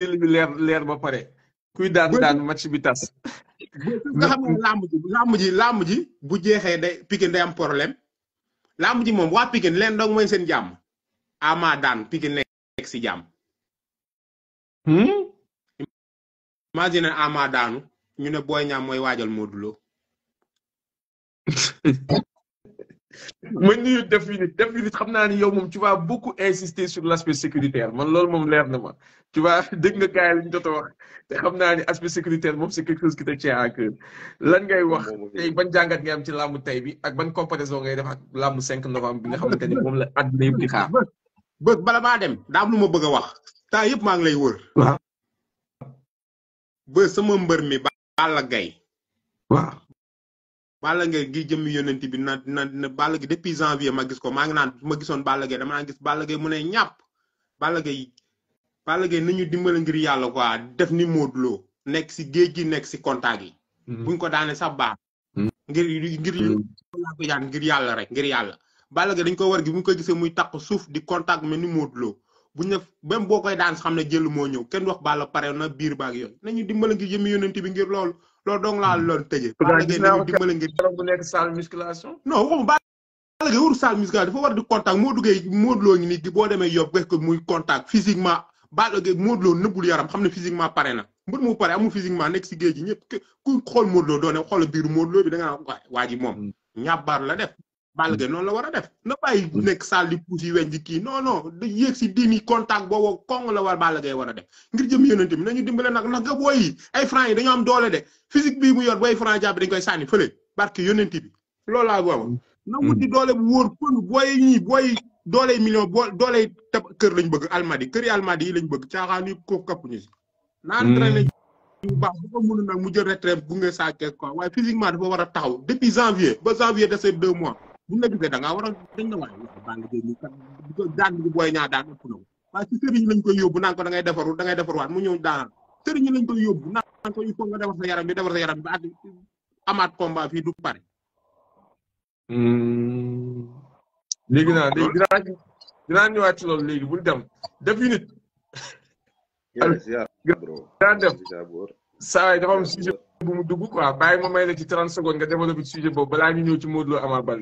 jël bi leer leer ba pare kuy daan daan match bi tas nga xam ji làmb ji bu jeexee day Pikine day am problème làmb ji moom waa Pikine leen dong mooy seen jàmm ama daan Pikine nekk si jàmm hmm? imagine ama daanu ñu ne Boy Niang waajal Modou ma nuyu def minute def minute xam naa ni yow moom tu vas beaucoup insister sur l' sécuritaire man loolu moom leer na ma tu vas dégg nga gars yi la ñu jot a wax te xam naa ni aspect sécuritaire moom c' est quelque chose qui te tient à cœur lan ngay wax tey ban jàngat nga am ci làmb tey bi ak ban comparaison ngay def ak làmb 5 novembre bi nga xamante ni moom la àdduna yëpp di xaar. bë bala maa dem daa am lu ma bëgg a wax temps yëpp maa ngi lay wër. waaw. sama mbër mi Balla Gaye waaw. Balla Gaye gi jëmmi yonent bi na na na Balla Gaye depuis janvier ma gis ko maa ngi naan ma gisoon Balla Gaye dama naan gis Balla Gaye mu ne ñàpp Balla Gaye Balla Gaye nañu dimbale ngir yàlla quoi def ni Modou Lo nekk si géej gi nekk si contact yi. Hmm. buñ ko daane sax baax. Hmm. ngir ngir hmm. ngir yàlla rek ngir yàlla. Balla Gaye dañ ko war gi bu ñu koy gisee muy taq suuf di contact mel ni Modou Lo bu ñu même boo koy daan xam ne jël moo ñëw kenn wax Balla pare na biir baag yooyu nañu dimbale ngir jëmmi yonent bi ngir loolu. lool dong la hmm. loon tëjee. Balla Gaye nañu dimbale ngeen. bu nekk salle musculation. non waxuma Balla Gaye warul salle musculation dafa war di contact moo duggee Modou Lo ngi yob ko muy contact physiquement Balla Gaye Modou Lo yaram xam ne physiquement pare na mbër mu pare amul physiquement nekk si géej gi ñëpp ku xool Modou Lo doone xool biiru Modou Lo bi da ngaa waa ji moom hmm. ñàbbaar la def Balla Gaye la war a def na bàyyi nekk salle di puus yi weñ ji kii non non da yéeg si contact boobu kong la war Balla Gaye war a def ngir jëm yonente bi nañu dimbale nag ndax nga booy yi ay franc yi dañoo am doole de physique bii mu yor booy franc jàpp dañ koy sànni fële barke yonente bi loolu laa boobu hmm. doole bu wóor kon booy ñi booy doole million boo doole tab kër lañ bëgg almadi këri almadi yi lañ bëgg caaxaan ko kapp ñu si naan hmm. traîné bu baax bu nag mu jël retraite gunge saa kees quoi war taxaw depuis ba janvier de mois buñ la gisee da ngaa war a dañ la waaye waaw baa nga jël kat daan bi booy ñaa daan ëpp na ko waaye si sëriñ lañ koy yóbbu naan ko da ngay defaru da ngay waat mu ñëw daanal sëriñ lañ koy yóbbu naan ko il faut nga defar sa yaram bi defar sa yaram bi ba at amaat combat fii du pare. Hmm. léegi naa léegi dinaa dinaa ñëwaat ci loolu léegi bul dem def unité. saa yi dafa am bu mu dugg quoi bàyyi ma may la ci 30 secondes nga développé sujet boobu balaa ñu ñëw ci Modou Lo Ama bi.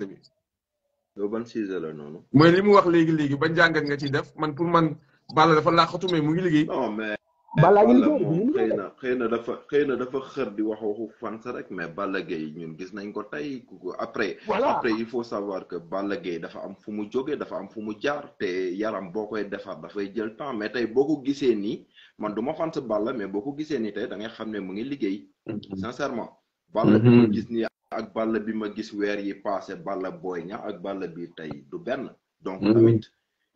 loolu ban la noonu. mooy li mu wax léegi léegi ba njàngat nga ciy def man pour man Balla dafa laaxatu mais mu ngi liggéey. non mais. Balla moom xëy na xëy na dafa xëy na dafa xër di wax waxu rek mais Balla Gaye ñun gis nañ ko tey après. après il faut savoir que Balla Gaye dafa am fu mu jógee dafa am fu mu jaar te yaram boo koy defar dafay jël temps mais tey boo ko gisee nii man du ma fansa Balla mais boo ko gisee nii tey dangay xam ne mu ngi liggéey. Mhm. sincèrement balla mhm. bi ma gis nii ak balla bi ma gis weer yi passé balla booy ña ak balla bi tey du benn donc mhm. tamit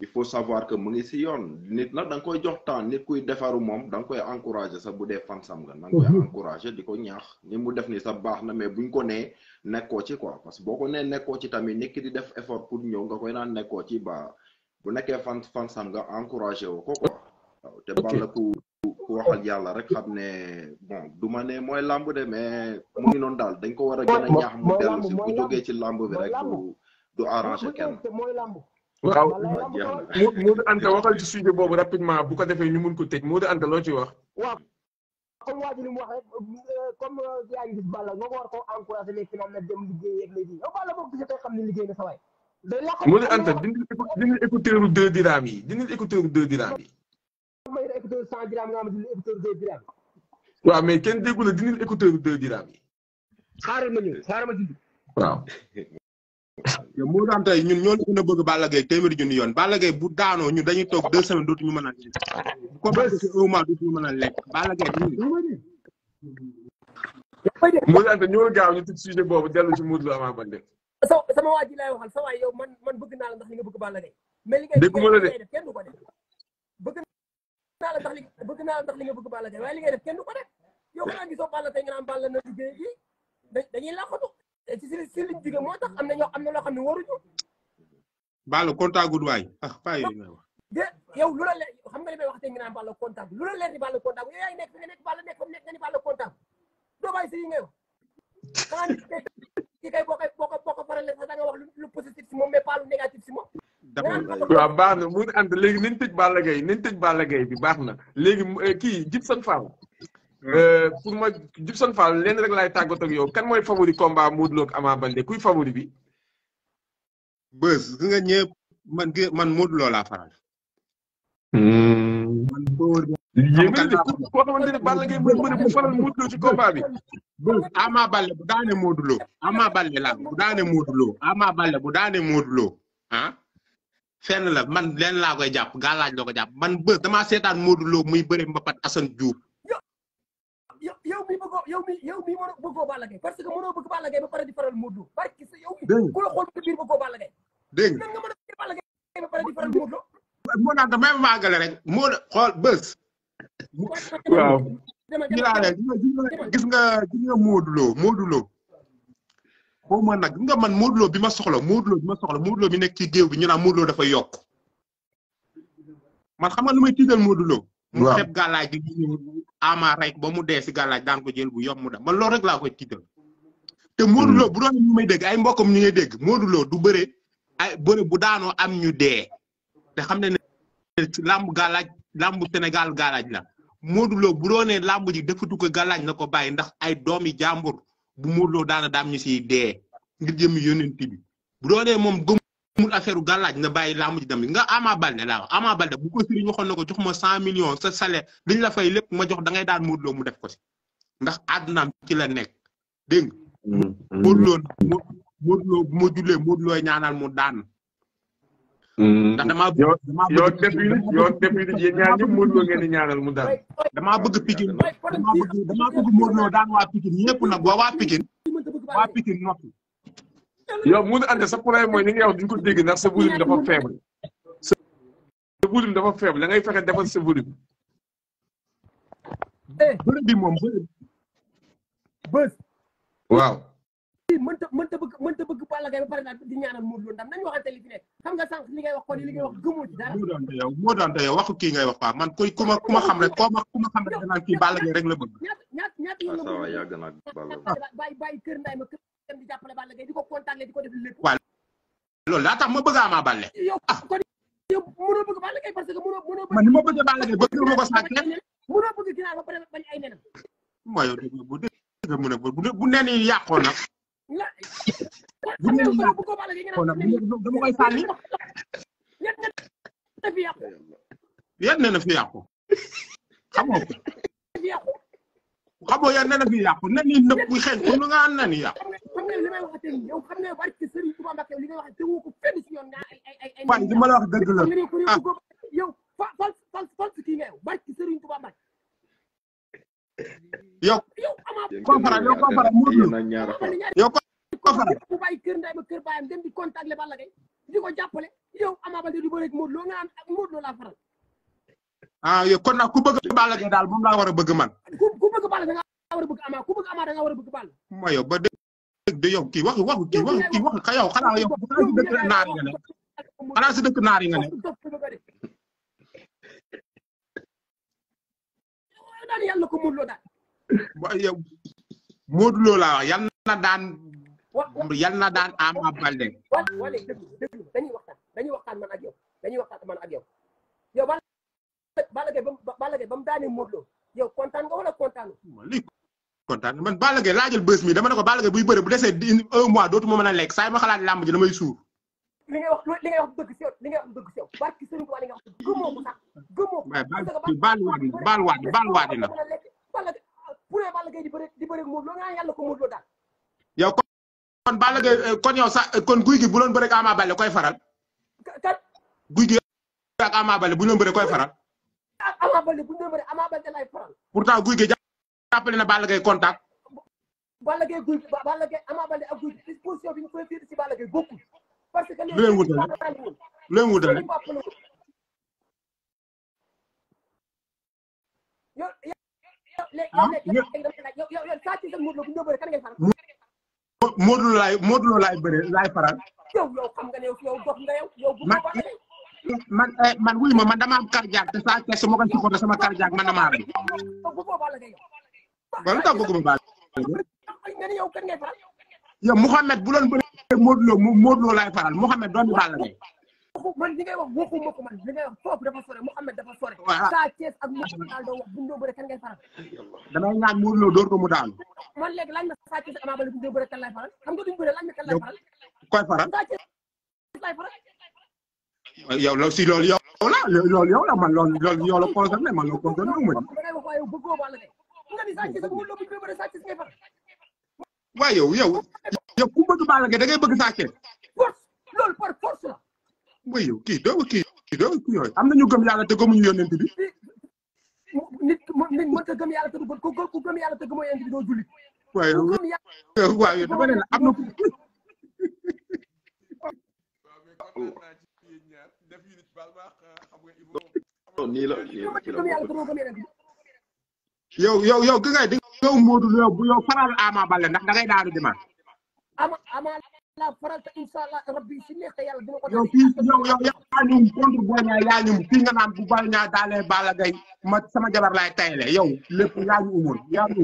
il faut savoir que mu ngi si yoon nit na da nga koy jox temps nit kuy defaru moom da koy encouragé sax bu dee fansam nga da nga koy encouragé di ko ñaax ni mu def ni sax baax na mais buñ ko nee nekkoo ci quoi parce que boo ko nee nekkoo ci tamit nit ki di def effort pour ñëw nga koy naan nekkoo ci ba bu nekkee fan fansam nga encouragé woo ko quoi waaw te balla ku waxal yàlla rek xam ne bon du ma ne mooy làmb de mais mu ngi noonu daal dañ ko war a gën a ñaax mu dellu si bu jógee ci làmb bi rek du du arrangé kenn. waaw Modou Anta waxal ci sujet boobu rapidement bu ko defee ñu mun ko tëj Anta loo ci wax. waaw comme waa ji li mu wax rek euh, comme euh, yaa ngi gis Balla nga war koo encouragé Anta dindil écouteur u deux dirham yi dindil écouteur u deux dirham écouteur cent dirham nga am dindi écouteur deux dirham waaw mais kenn déggu la dindil écouteur deux dirham yi xaaral ma ñëw xaaral ma dindi waaw yow moo daan tey ñun ñoo gën a bëgg Balla Gaye téeméeri junni yoon Balla Gaye bu daanoo ñun dañuy toog deux semaines dootuñu mën a lekk bu ko passé un mois dootuñu mën a lekk Balla Gaye moo daan tey ñoo gaaw ñu tudd sujet boobu dellu ci Modou Lo Ama Baldé sama waa ji laay waxal sa waay yow man man bëgg naa la ndax li nga bëgg Balla Gaye mais li ngay def kenn du ko def bëgg naa la tax li bëgg naa la tax li nga bëgg Balla Gaye waaye li ngay def kenn du nga naan na liggéey yi da dañuy làqatu ci si si liñ moo tax am na ñoo am na loo xam ne waruñu Balla contact gud waay ah paa yooyu ngay lu la leer xam nga li may wax tey nga naan Balla contact lu la leer di Balla contact yow yaay nekk fi nga nekk Balla nekk fa mu nekk nga ni Balla contact doo si yi ngay wax xanaa nit ki kay boo koy boo ko boo nga wax lu positif si moom mais pas négatif si moom waaw baax na mu ànd léegi nañ tëj Balla Gaye bi baax na léegi eh, kii Gibson Fall hmm. euh, pour ma Gibson Fall leen rek laay tàggatoo yo kan mooy favori combat Modou Lo ak Ama Baldé kuy favori bi bës gi nga ñëpp man gi man Modou Lo laa faral hmm. man favori Balla Gaye mën mën bu Ama Baldé la bu daane Ama Baldé bu daane Modou fenn la man leen laa koy jàpp gàllaaj loo ko jàpp man bës damaa seetaan Modou Lo muy bëri mbapat Assane Diouf. yow yow mi bëggoo mi yow mi bëgg Balla Gaye ba pare di faral Modou Lo barki sa yow. dégg nga ku a bëgg Balla Gaye ba rek moo xool bës. waaw. gis nga gis nga au moins nag nga man Modou Lo bi ma soxla Modou Lo ma soxla Modou Lo bi nekk ci géew bi ñu na Modou Lo dafa yokk man xam nga lu may tiital Modou mu xeeb gàllaaj gi rek ba mu dee si gàllaaj daan ko jël bu yomb mu dem rek laa koy tiital. te Modou Lo hmm. bu dégg ay mbokkam ñu ngi dégg Modou du bëre ay bu daanoo am ñu dee te xam ne ne làmb gàllaaj làmb Sénégal gàllaaj la Modou Lo bu doonee làmb ji defatu ko gàllaaj na ko bàyyi ndax ay doomi jàmbur. bu Modou Lo daana daam ñu si dee ngir jëm yonent bi bu doonee moom gëmul affaire gàllaaj na bàyyi laamu ji dem nga Ama Baldé laa Ama Baldé bu ko sëriñ waxoon na ko jox ma cent millions sa salaire liñ la fay lépp ma jox dangay ngay daan Modou mu def ko si ndax àddunaam ci la nekk dégg nga mm-hmm. Modou Lo Modou Lo bu ma mu daan Mm-hmm. ndax damaa bëgg damaa bëgg yoon depuis yoon yéen ñaar ñëpp Modou Lo ngeen di mu daal. damaa bëgg Pikine damaa bëgg damaa bëgg daan waa Pikine ñëpp nag waa waa Pikine waa Pikine noppi. yow Modou Anta sa problème mooy li nga wax duñ ko dégg ndax sa dafa faible. sa dafa faible da ngay fexe defal sa volume. bëri eh. bi moom waaw. mënta mënta bëgg mënta bëgg Balla Gaye ba pare di ñaanal Modou Lo ndam nañu waxante li fi nekk ngay wax kon li ngay wax gëmoo ci dara. moo daan te yow kii ngay wax quoi man koy xam rek koo ma ku xam rek di jàppale Balla Gaye di ko kontaanee di ko def lépp. waaw loolu daa tax ma bëgg a ama Balla. yow bëgg Balla Gaye parce que mënoo mënoo bëgg. man ni ma bëgg Balla Gaye ma ko sànq mënoo bëgg ginaar ba pare bañ ay nenam mooy bu mu ne bu nen dama koy sànni. yéen na fi yàqu. xam nga ko. xam nga yéen nee na fi yàqu nen yi nëb bu xeeñ ko lu nga am nen yàqu. waaye li ma la wax dëgg la ah. yow Koffara yow Koffara yow Koffara bu bàyyi kër nday ba kër baayam dem di contacter Balla Gaye di ko jàppale yow Ama Baldé du bëre ak Modou Lo Lo laa faral ah yow kon nag ku bëgg Balla Gaye daal moom laa war a bëgg man ku bëgg Balla a bëgg Ama ku ma yow ba dëgg de yow kii waxu waxu kii waxu kii waxu xayaw xanaa yow xanaa si dëkk naar yi nga ne waaye yow Modou Lo laa wax yal na daan. yal na daan Ama Baldé. wala dañuy waxtaan dañuy waxtaan man ak yow dañuy waxtaan man ak yow yow Balla Balla Gaye Balla Gaye ba mu daanee Modou Lo yow kontaan nga wala kontaanoo. lii kontaan man Balla Gaye laajal bés mi dama ne ko Balla Gaye buy bëre bu desee un mois dootuma mën a lekk saa yi ma xalaat làmb ji damay suur. li ngay wax li ngay wax dëgg si yow li ngay wax dëgg si yow barki sëriñ Tuubaa li nga wax gëmoo ko sax gëmoo ko. baal waat baal waat baal waat na. pourrait Balla Gaye di bëre di bëre moom loolu naa ko Modou Lo daal. yow kon Balla eh, kon yow sax eh, kon guy gi bu doon bëre ak Ama Baldé koy faral. kat guy gi ak Ama Baldé bu faral. ak ah, Ama Baldé bu ñu contact. Balla guy Balla Gaye Ama Baldé ak guy gi position parce que lu leen wutale Modou Lo laay Modou Lo laay bëre laay faral. man man eh, man wuy ma man dama am cardiaque te saa kees ma koy supporté sama cardiaque man damaa rey. ba lu tax bëgguma baal. yow Mouhamed bu doon bëri Modou faral Mouhamed doon di waxu man li ngay wax waxuma ko man li ngay wax foofu dafa sore Mouhamed dafa sore. waaw Sa Thiès ak Mouhamed Ronaldo wax bu ñu faral. Sa Thiès ak Ama Baldé bu ñu doon bëre kan lay faral xam nga duñ bëre laaj na kan lay faral. koy faral Sa Thiès lay faral. yow loolu si loolu yow la loolu yow la man loolu yow la concerné man loolu concerné wu ma da ngay wax waaye yow yow yow yow ku bëgg Balla da ngay bëgg Sa Thiès mooy yow kii doo kii kii doo kii yooyu am na ñu gëm yàlla te gëmuñu yonent bi. nit nit mënta gëm yàlla te du ko ku gëm yàlla te gëmoo yonent bi doo jullit. waaye am na. nii la yow yow yow ki di yow Modou yow bu yow faral Ama Baldé ndax dangay daanu dimanche. waral te incha allah rabbi si neexee yàlla dina ko yaa ñum contre Boy Niang yaa ñum fii nga naan bu Boy Niang daalee Balla Gaye ma sama jabar laay tayle yow lépp yaa ñu umoon yaa ñu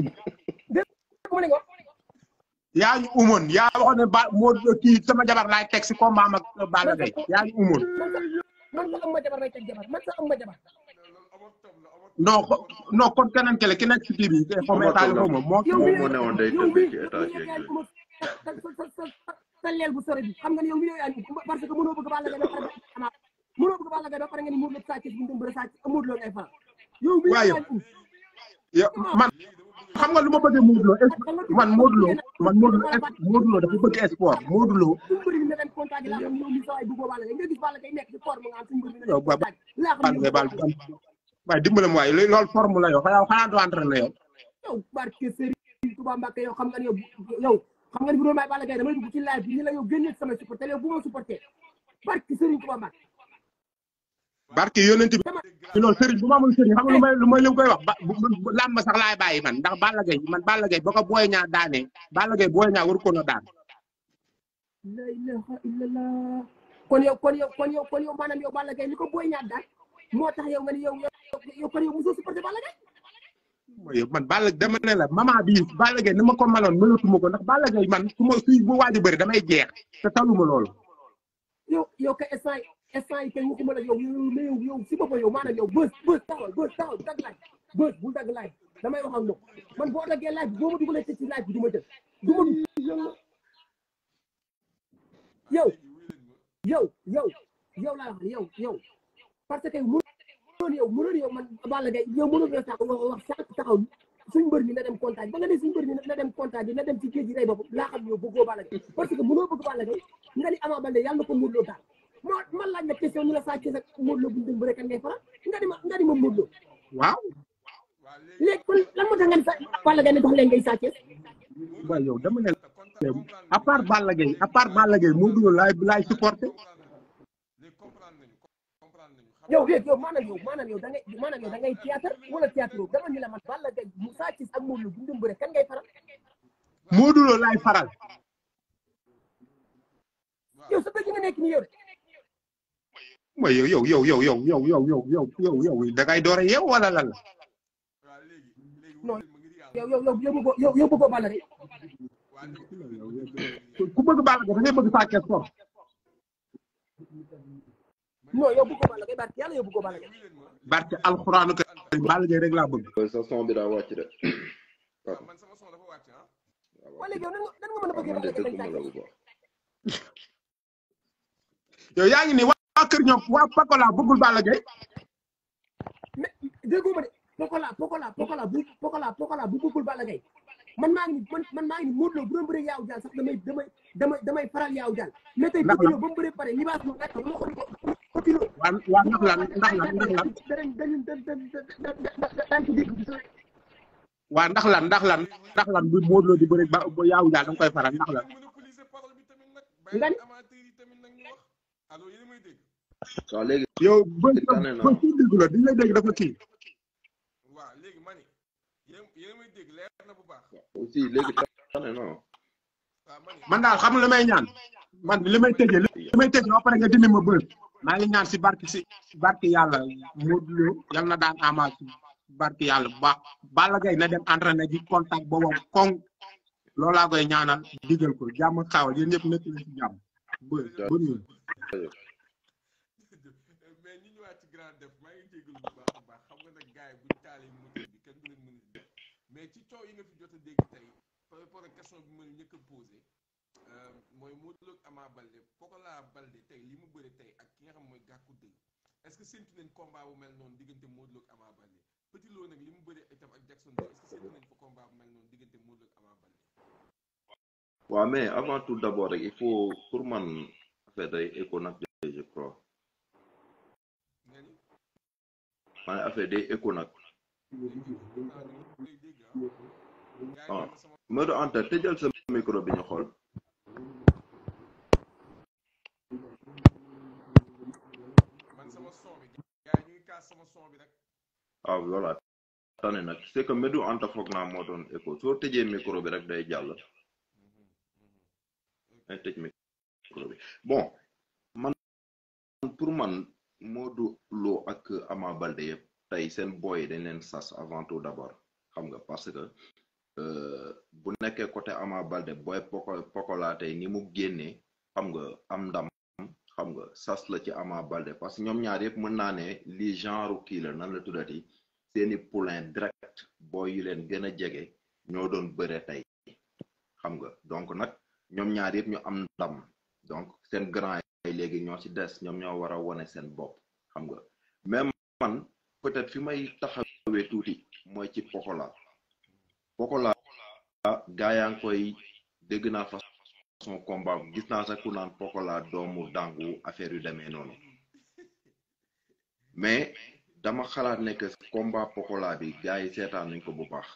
um umoon yaa waxoon ne moo kii sama jabar laay teg si combat mag Balla yaa ñu umoon man sa am ma jabar lay teg jabar man sa am ma jabar non non kon keneen kele ki nekk si kii bi xaw ma état bi xaw ma moo moo newoon day tëddee ci état sa leel bu sore bi xam nga ne yow mi yow yaa ñu parce que mënoo bëgg Balla Gaye ba pare xanaa mënoo bëgg Balla Gaye ba pare nga ni Modou Lo Sa Thiès bu ñu dem bëri man xam nga lu ma bëggee Modou Lo man Modou Lo man Modou Lo Modou Lo dafa bëgg espoir Modou Lo yow ba ba baal waaye dimbalam waaye loolu forme la yow xanaa doo entraîné yow yow barke Serigne Touba xam nga yow yow xam nga ni bu doon may Balla Gaye damay dugg ci live bi ni la yow génnee sama supporter yow bu ma supporter barke Serigne Touba Mbacké. barke yonent bu ma amoon Serigne xam nga lu may lu may lu koy wax ba làmb sax laay bàyyi man ndax Balla Gaye man Balla Gaye ba ko Boy Niang daane Balla Gaye Boy Niang waru ko na daan. la ilaha illallah kon yow kon daan moo tax yow nga ni yow yow kon yow mosoo mooy man Balla dama ne la maman bii Balla Gaye ni ma ko maloon mënatuma ko ndax Balla Gaye man su ma suy bu waaj a damay jeex te taluma loolu. yow yow ka instant instant yi kay waxuma la yow yow yow si boppam yow maanaam yow bës bës taxawal bës taxawal dagg laaj bës bul laaj damay wax ak ñoom man boo daggee laaj bi boo ma dugalee ci laaj bi du ma jël du ma. yow yow yow yow laa wax yow yow parce que. mënoon yow mënoon yow yow mënoon wax sax taxaw suñ mbër na dem contact ba nga ne suñ mbër mi na dem contact na dem ci géej gi rey bopp laa xam yow bëggoo Balla Gaye parce que mënoo bëgg Balla Gaye nga la question la saa ci sa Modou Lo bu ñu di ma nga di waaw léegi kon lan moo nga ni sa Balla Gaye ne dox leen ngay saa ci waaw yow dama ne à part Balla Gaye à part Balla Gaye yow léegi yow maanaam yow maanaam yow da ngay maanaam yow da ngay théâtre wala théâtre woo dama ñu la man Balla Gaye Moussa Cissé ak Modou Lo bu ñu doon bëre kan ngay faral. Modou Lo laay faral. yow sa bëgg nga nekk nii yow de. mooy yow yow yow yow yow yow yow yow yow yow yow da ngay doore yow wala lan la. non yow yow yow bëggoo yow yow bëggoo Balla de. ku bëgg Balla de da ngay bëgg Sa Thiès non yow bëggoo ba Gaye barke yàlla yow bëggoo Balla Gaye. barke alxuraanu ka Balla Gaye rek laa bëgg. sa son bi daa wàcc ah. yaa ngi ni waa kër ñoom waa Pokola bëggul Balla man maa ngi man man maa ngi nii Modou Lo bu doon bëree yaaw jaal sax damay damay faral yaaw jaal mais tey Modou Lo ba mu bëree pare libaas moom laaj ko ma ko kilo. waaw waaw ndax lan ndax lan ndax lan. waaw ndax lan ndax lan ndax lan bu Modou Lo di bëri ba yaawu daal da nga koy faral ndax lan. lan. waaw léegi. yow ba ba suñu dégg la di lay dégg dafa kii. waaw léegi mani yéen may dégg leer na bu baax. aussi léegi tane non. man daal xam lu may ñaan man li may tëjee li may tëjee ba pare nga dindi ma bër. maa ngi ñaan si barke si barke yàlla Modou Lo yal na daan Ama si barke yàlla bu baax Balla na dem entraîné ji contact boobam koŋ loolu laa koy ñaanal digal ko jàmm xaw yéen ñëpp nekk na si jàmm ba ba ñun mais ñu ñëwaat ci grand def maa bu baax a baax xam mais ci coow yi nga fi jot a dégg tey par rapport ak question bi ma njëkk a Euh, mooy Modou Lo ak Ama Baldé tey li mu bëri tey ak ki nga xam mooy Gàkku dëgg est-ce que séntu nañ combat bu mel noonu diggante Modou Lo ak Ama Baldé nag li mu bëri itam ak Jackson est-ce que séntu nañ fa combat bu mel noonu diggante Modou Lo ak Ama mais avant tout d'abord rek il faut pour man affaire day écho nag je crois. day écho nag. ah Modou Anta tëjal sa micro bi ñu xool. waaw ah, loolu tane nag c'est que Medou Anta foog naa moo doon écho soo tëjee bi rek day jàll mhm, mhm. day tëj bon man pour man Modou Lo ak Ama Baldé yëpp tey seen boy de leen sas avant tout d'abord xam nga parce que Euh, bu nekkee côté Ama Balde booy poko pokola tey ni mu génnee xam nga am ndam xam nga sas la ci Ama Balde parce que ñoom ñaar yëpp mën naa ne li genre kii la nan la tuddati seeni poulain direct booy yu leen gën a jege ñoo doon bëre tey xam nga donc nag ñoom ñaar yëpp ñu am ndam donc seen grand yi léegi ñoo ci des ñoom ñoo war a wane seen bop xam nga même man peut-être fi may taxawee tuuti mooy ci pokola Pokola gaa koy dégg naa façon combat gis naa sax ku naan Pokola doomu dàngu affaire yu demee noonu mais dama xalaat ne que Pokola bi gars seetaan nañ ko bu baax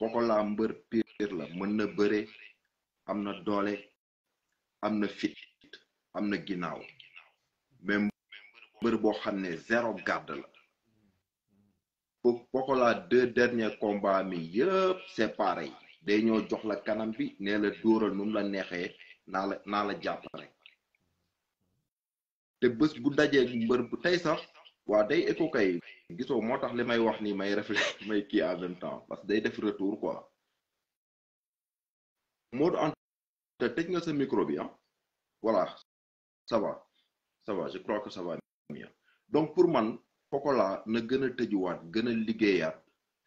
Pokola mbër piir la mën na bëre am na doole am na fit am na ginnaaw mais mbër boo xam ne zéro garde la Pokola deux derniers combats mi yëpp c'est pareil day ñoo jox la kanam bi nee la dóoral nu mu la neexee naa la naa la jàpp rek te bés bu dajee mbër bu tey sax waa day écho kay gisoo moo tax li may wax nii may réfléchir may kii en même temps parce que day def retour quoi Modou Anta tëj nga sa micro bi ah voilà ça va ça va je crois que ça va mieux donc pour man. Pokola na gën a tëjuwaat gën a liggéeyaat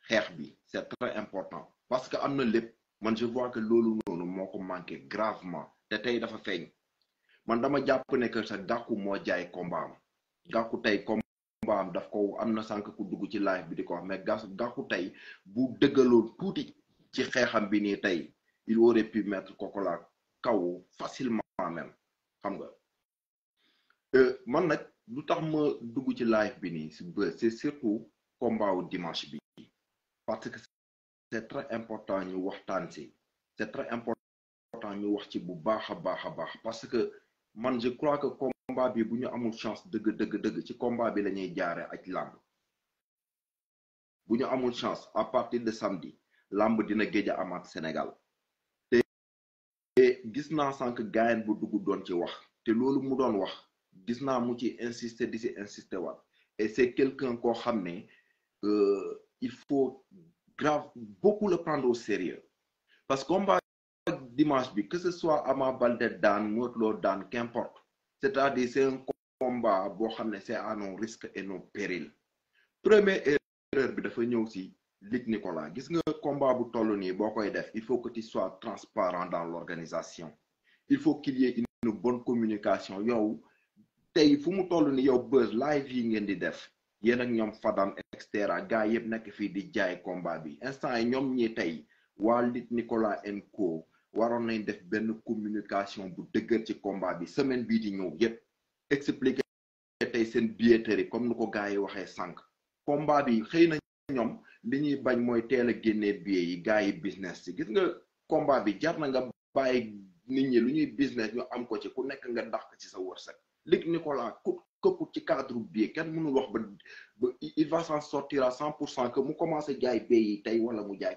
xeex bi c'est très important parce que am na lépp man je vois que loolu noonu moo ko manqué gravement te tey dafa feeñ man dama jàpp ne que sa gàkku moo jaay combat am gàkku tey combat am daf ko am na sànq ku dugg ci live bi di ko wax mais gas gàkku tey bu dëggaloon tuuti ci xeexam bi nii tey il aurait pu mettre Pokola kaw facilement même xam nga euh, man nag lu tax ma dugg ci live bi nii c'est surtout combat wu dimanche bi parce que c'est très important ñu waxtaan si c'est très important ñu wax ci bu baax a baax a baax parce que man je crois que combat bi bu ñu amul chance dëgg dëgg dëgg ci combat bi lañuy ñuy jaare ak làmb bu ñu amul chance à partir de samedi làmb dina géej a amaat Sénégal te gis naa sànq gaayen bu dugg doon ci wax te loolu mu doon wax gis naa mu ci insiste di si insister waat e c' est quelqu'un koo xam ne euh, il faut grave beaucoup le prendre au sérieux parce que combat dimanche bi que ce soit Ama Baldé daan Modou Lô daan qu'importe c'est à dire c' un combat boo xam ne c' est à nos risque et nos périls première erreur bi dafa ñëw si Luc Nicolas gis nga combat bu toll nii boo koy def il faut que tu sois transparent dans l'organisation il faut qu'il y ait bonne communication yow tey fu mu toll ni yow bës live yi ngeen di def yéen ak ñoom Fadam et cetera gars yëpp nekk fii di jaay combat bi instant yi ñoom ñi tey waa lit Nicolas nko waroon nañ def benn communication bu dëgër ci combat bi semaine bii di ñëw yëpp expliquer tey seen billetterie comme nu ko gars yi waxee sànq combat bi xëy na ñoom li ñuy bañ mooy teel a génnee billet yi gars yi business ci gis nga combat bi jar na nga bàyyi nit ñi lu ñuy business ñu am ko ci ku nekk nga dàq ci sa wërsëg Luc Nicolas ku këpp ci cadre bi kenn mënul wax ba il va s'en sortir cent pour cent que mu commencé jaay bay yi tey wala mu jaay